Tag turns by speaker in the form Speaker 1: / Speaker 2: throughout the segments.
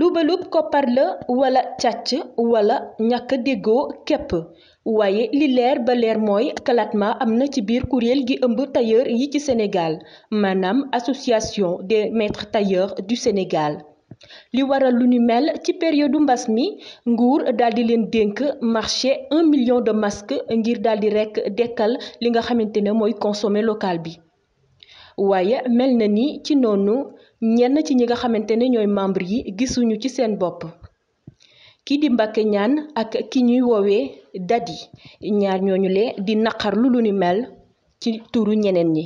Speaker 1: lubalub koppar la wala càcc wala ñàkk déggoo képp waaye li leer ba leer mooy kalaatma am na ci biir kuréel gi ëmb tailleur yi ci Sénégal maanaam association des maîtres tailleurs du Sénégal li waral lu ni mel ci période mbas mi nguur daal leen dénk marché un million de mask ngir daal di rekk dekkal li nga xamante ne mooy consommer locale bi waaye mel na ni ci noonu ñenn ci ñi nga xamante ne ñooy membre yi gisuñu ci seen bopp kii di Mbacke ñaan ak ki ñuy woowee Dadi ñaar ñooñule di naqar lu lu ni mel ci turu ñeneen ñi.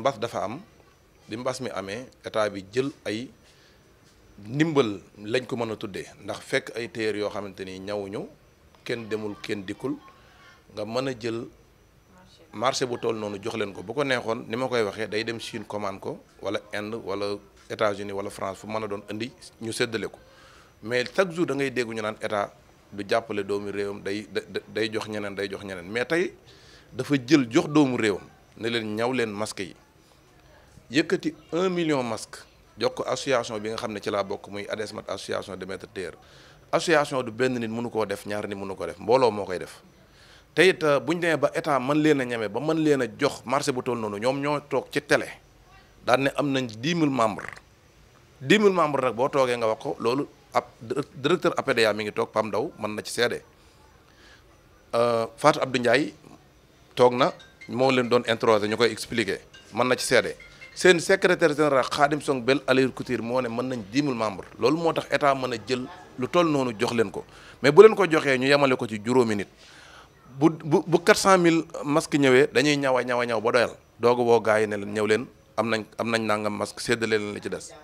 Speaker 2: mbas dafa am mi amee ndimbal lañ ko mën a tuddee ndax fekk ay téer yoo xamante ni ñawuñu kenn demul kenn dikkul nga mën a jël marché bu toll noonu jox leen ko bu ko neexoon ni ma koy waxee day dem Chine commande ko wala Inde wala États-Unis wala France fu mën a doon indi ñu séddale ko mais chaque jour da ngay dégg ñu naan état du jàppale doomu réewam day day jox ñeneen day jox ñeneen mais tey dafa jël jox doomu réewam ne leen ñaw leen masque yi yëkkati un million masque jox ko association bi nga xam ne ci laa bokk muy ADESMAT association des maîtres tailleurs association du benn nit mënu koo def ñaar nit mënu ko def mbooloo moo koy def te it euh, bu ñu demee ba état mën leen a ñeme ba mën leen a jox marché bu toll noonu ñoom ñoo toog ci tele daan ne am nañ dix mille membres dix mille membres rek boo toogee nga wax ko loolu ab directeur APDA mi ngi toog Pam Ndaw man na ci seede euh, Fatou Abdou Ndiaye toog na moo leen doon introsé ñu koy expliqué mën na ci seede. seen secrétaire général Khadim Song Bel Aliou Couture moo ne mën nañ dix membre loolu moo tax état mën a jël lu toll noonu jox leen ko mais bu leen ko joxee ñu yemale ko ci juróomi nit bu bu bu quatre cent mille masques ñëwee dañuy ñaw a ñaw a ñaw ba doyal doogu woo gars yi ne leen ñëw leen am nañ am nañ nangam masque séddale leen la ci des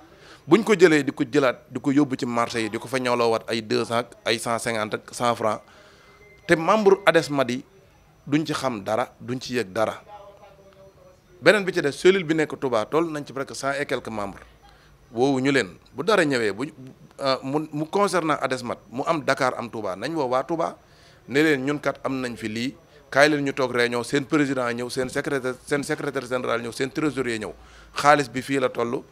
Speaker 2: buñ ko jëlee di ko jëlaat di ko yóbbu ci marché yi di ko fa ñawloo wat ay deux cent ay cent cinquante ak cent franc te membre ADESMAD yi duñ ci xam dara duñ ci yëg dara beneen bi ci des cellule bi nekk Touba toll nañ ci presque cent et quelques membres woowu ñu leen bu dara ñëwee bu euh, mu mu concernant ADESMAT mu am dakaar am Touba nañ woo waa Touba ne leen ñun kat am nañ fi lii kaay leen ñu toog ñëw seen président ñëw seen secrétaire seen secrétaire général ñëw seen trésorier ñëw xaalis bi fii la toll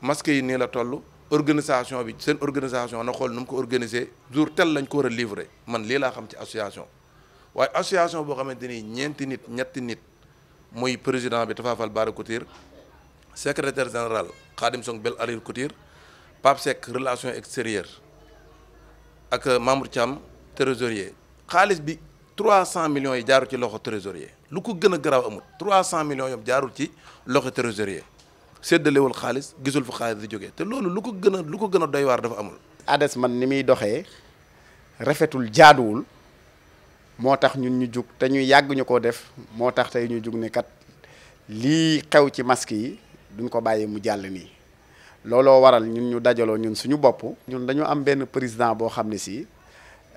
Speaker 2: masque yi nii la toll organisation bi seen organisation na xool nu mu ko organiser jour tel lañ ko war a livrer man lii laa xam ci association waaye association boo xamante ni ñeenti nit ñetti nit. muy président bi Tafa Fall Bara Couture secrétaire général Khadim Song Bel Arir Couture Pape Seck relation extérieure ak Mamour Thiam trésorier xaalis bi 300 millions yi jaarul ci loxo trésorier lu ko gën a garaaw amul 300 millions yom jaarul ci loxo trésorier séddalewul xaalis gisul fa xaalis di jógee te
Speaker 3: loolu lu ko gën a lu ko gën a doy waar dafa amul. ADES man ni muy doxee rafetul jaaduwul. moo tax ñun ñu jug te ñu yàgg ñu ko def moo tax tey ñu jug ne kat lii xew ci masque yi duñ ko bàyyi mu jàll nii looloo waral ñun ñu dajaloo ñun suñu bopp ñun dañu am benn président boo xam ne si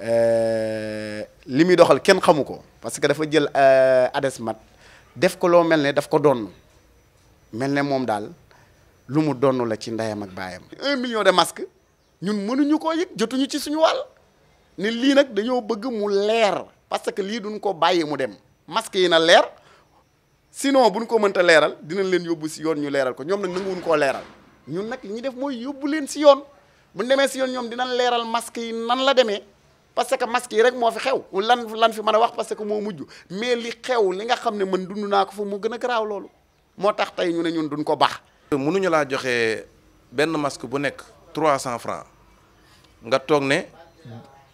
Speaker 3: euh, li muy doxal kenn xamu ko parce que dafa jël euh, mat def ko loo mel ne daf ko donn mel ne moom daal lu mu donn la ci ndeyam ak baayam un million de masques ñun mënuñu koo yëg jotuñu ci suñu wàll ne lii nag dañoo bëgg mu leer parce que lii duñ ko bàyyi mu dem masque yi na leer sinon buñ ko mënta leeral dinañ leen yóbbu si yoon ñu leeral ko ñoom nag nanguwuñ koo leeral ñun nag li def mooy yóbbu leen si yoon buñ demee si yoon ñoom dinañ leeral masque yi nan la demee parce que masque yi rek moo fi xew lan lan fi mën a wax parce que moo mujj mais li xew li nga xam ne man dund naa ko fa mu gën a garaaw loolu moo tax tey ñu ne ñun duñ ko baax munuñu laa joxe benn
Speaker 2: masque bu nekk trois cent francs nga toog ne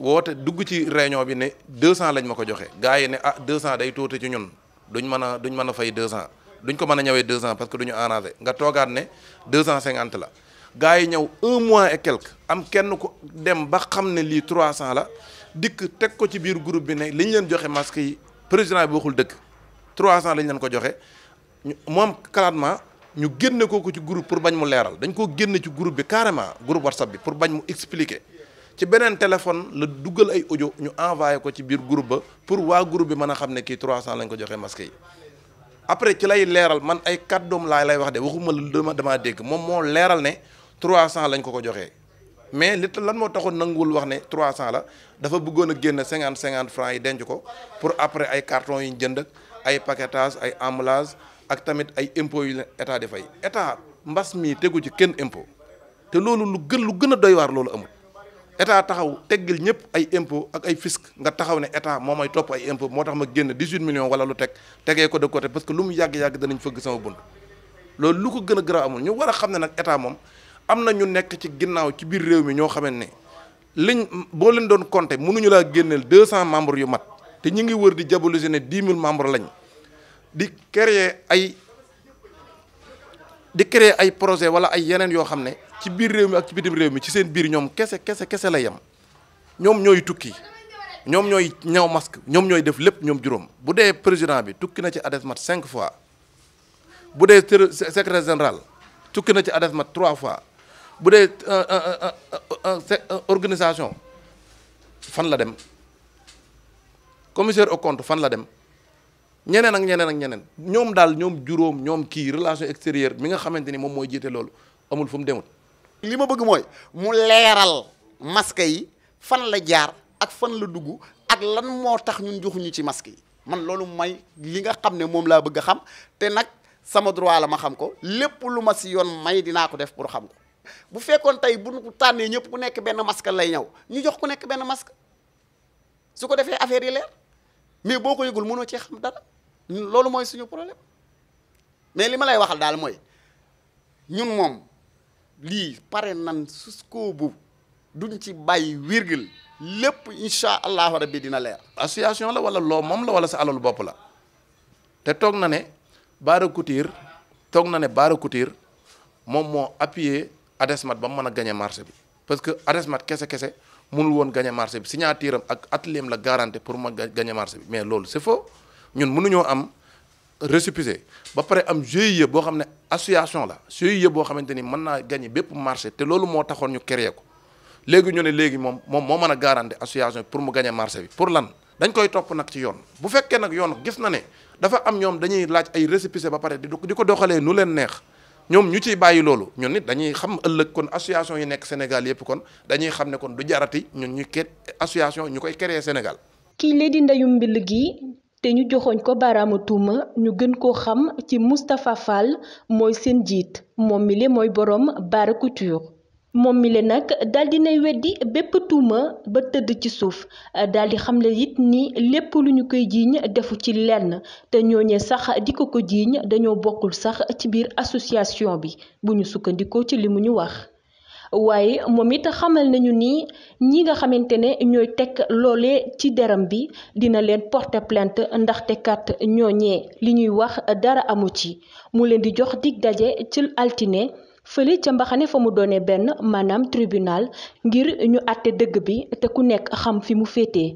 Speaker 2: woote dugg ci réunion bi ne 200 lañ ma ko joxe gars yi ne ah 200 day tuuti ci ñun duñ mën a duñ mën a fay 200 duñ ko mën a ñëwee 200 parce que duñu arrangé nga toogaat ne 250 la gars yi ñëw un mois et quelque am kenn ko dem ba xam ne lii trois 300 la dikk teg ko ci biir groupe bi ne li leen joxe masque yi président bi dëkk trois 300 lañ leen ko joxe ñu moom clairement ñu génne ko ko ci group pour bañ mu leeral dañ koo génne ci groupe bi carrément groupe whatsapp bi pour bañ mu expliquer. ci beneen téléphone la dugal ay ojo ñu envoyé ko ci biir groupe ba pour waa groupe bi mën a xam ne kii 300 lañ ko joxe masque yi après ci lay leeral man ay kàddoom laay lay wax de waxuma la dama damaa dégg moom moo leeral ne 300 lañ ko ko joxee mais li lan moo taxoon nanguwul wax ne 300 la dafa bëggoon a génn 50 50 francs yi denc ko pour après ay carton yu ñu jënd ay paquetage ay emballage ak tamit ay impôts yu état di fay état mbas mi tegu ci kenn impôt te loolu lu gën lu gën a doy waar loolu amul. état taxaw teggil ñëpp ay impôt ak ay fisc nga taxaw ne état moom may topp ay impôt moo tax ma génn 18 millions wala lu teg tegee ko de côté parce que lu mu yàgg-yàgg danañ fëgg sama bunt loolu lu ko gën a garaaw amul ñu war a xam ne nag état moom am na ñu nekk ci ginnaaw ci biir réew mi ñoo xamante ne liñ boo leen doon compter mënuñu laa génneel 200 membres yu mat te ñu ngi wër di diaboliser ne 10 000 membres lañ di créer ay de créer ay projet wala ay yeneen yoo xam ne ci biir réew mi ak ci bitim réew mi ci seen biir ñoom kese kese kese la yem ñom ñoy tukki ñoom ñooy ñaw masque ñom ñoy def lepp ñom juroom bu dé président bi tukki na ci ADESMAT cinq fois bu dé secrétaire général tukki na ci ADESMAT trois fois bu dé euh, euh, euh, organisation fan la dem commissaire au compte fan la dem ñeneen ak ñeneen ak ñeneen ñoom daal ñoom juróom ñoom kii relation extérieure mi nga xamante ni moom mooy jiite loolu amul fu mu demut
Speaker 3: li ma bëgg mooy mu leeral masque yi fan la jaar ak fan la dugg ak lan moo tax ñu joxuñu ci masque yi man loolu may li nga xam ne moom laa bëgg a xam te nag sama droit la ma xam ko lépp lu ma si yoon may dinaa ko def pour xam ko bu fekkoon tey bu tànnee ñëpp ku nekk benn masque lay ñëw ñu jox ku nekk benn masque su ko defee affaire yi mais boo ko yëgul mënoo cee xam dara loolu mooy suñu problème mais li ma lay waxal daal mooy ñun moom lii pare nan jusqu'au bu duñ ci bàyyi virgule lépp incha allahu rabbi dina leer. association la wala loo moom la wala sa alalu bopp la te toog na ne
Speaker 2: Bara Couture toog na ne Bara moom moo appuyé Adesmat ba mu mën a gagné marché bi parce que Adesmat kese kese mënul woon gagné marché bi signature am ak atelier am la garantie pour ma gagné marché bi mais loolu c'est faux. ñun mënuñoo am récépissé ba pare am GIE boo xam ne association la GIE boo xamante ni mën naa gagné bépp marché te loolu moo taxoon ñu créé ko léegi ñu ne léegi moom moom moo mën a garanti association pour mu gagné marché bi pour lan dañ koy topp nag ci yoon bu fekkee nag yoon gis na ne dafa am ñoom dañuy laaj ay récépissé ba pare di di ko doxalee nu leen neex ñoom ñu ciy bàyyi loolu ñun nit dañuy xam ëllëg kon association yi nekk Sénégal yëpp kon dañuy xam ne kon du jarati ñun ñu ket association ñu koy créé Sénégal.
Speaker 1: te ñu joxoñ ko baaraamu tuuma ñu gën koo xam ci Moustapha Fall mooy seen jiit moom mi le mooy boroom Bara Couture moom mi le nag daal di nay weddi bépp tuuma ba tëdd ci suuf dal di xamle it ni lépp lu ñu koy jiiñ defu ci lenn te ñooñee sax di ko ko jiiñ dañoo bokkul sax ci biir association bi bu ñu sukkandikoo ci li mu wax waaye moom it xamal nañu ni ñi nga xamante ne ñooy teg loole ci deram bi dina leen porter plainte ndaxte kat ñooñee li ñuy wax dara amu ci mu leen di jox dig daje ci altine fële ca mbaxane fa mu doone benn maanaam tribunal ngir ñu àtte dëgg bi te ku nekk xam fi mu féetee.